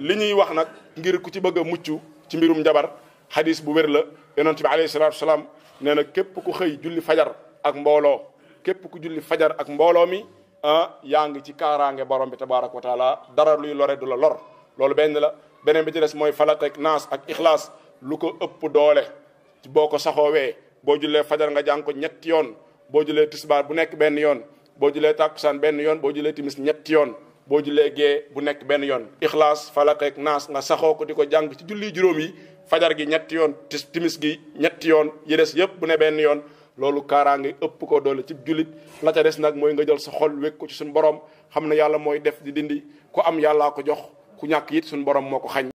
li ñuy wax nag ngir ku ci bëgg a mucc ci mbirum jabar xadis bu wér la yonent bi alayhi salaatu wasalaam nee na képp ku xëy julli fajar ak mbooloo képp ku julli fajar ak mbooloo mi ah yaa ngi ci kaaraange borom bi tabaaraka wa taala dara luy lore du la lor loolu benn la beneen bi ci des mooy falaq rek naas ak ixlaas lu ko ëpp doole boo ko saxoowee boo jullee fajar nga jàng ko ñetti yoon boo jullee tisbaar bu nekk benn yoon boo jullee tàkkusaan benn yoon boo jullee timis ñetti yoon boo jullee gee bu nekk benn yoon ixlaas falaq ak nga saxoo ko di ko jàng ci julli juróom yi fajar gi ñetti yoon timis gi ñetti yoon yi des yëpp bu ne benn yoon loolu kaaraange ëpp ko doole ci jullit la ca des nag mooy nga jël sa xol wékk ko ci suñu borom xam na yàlla mooy def di dindi ku am yàllaa ko jox ku ñàkk yit suñu borom moo ko xañ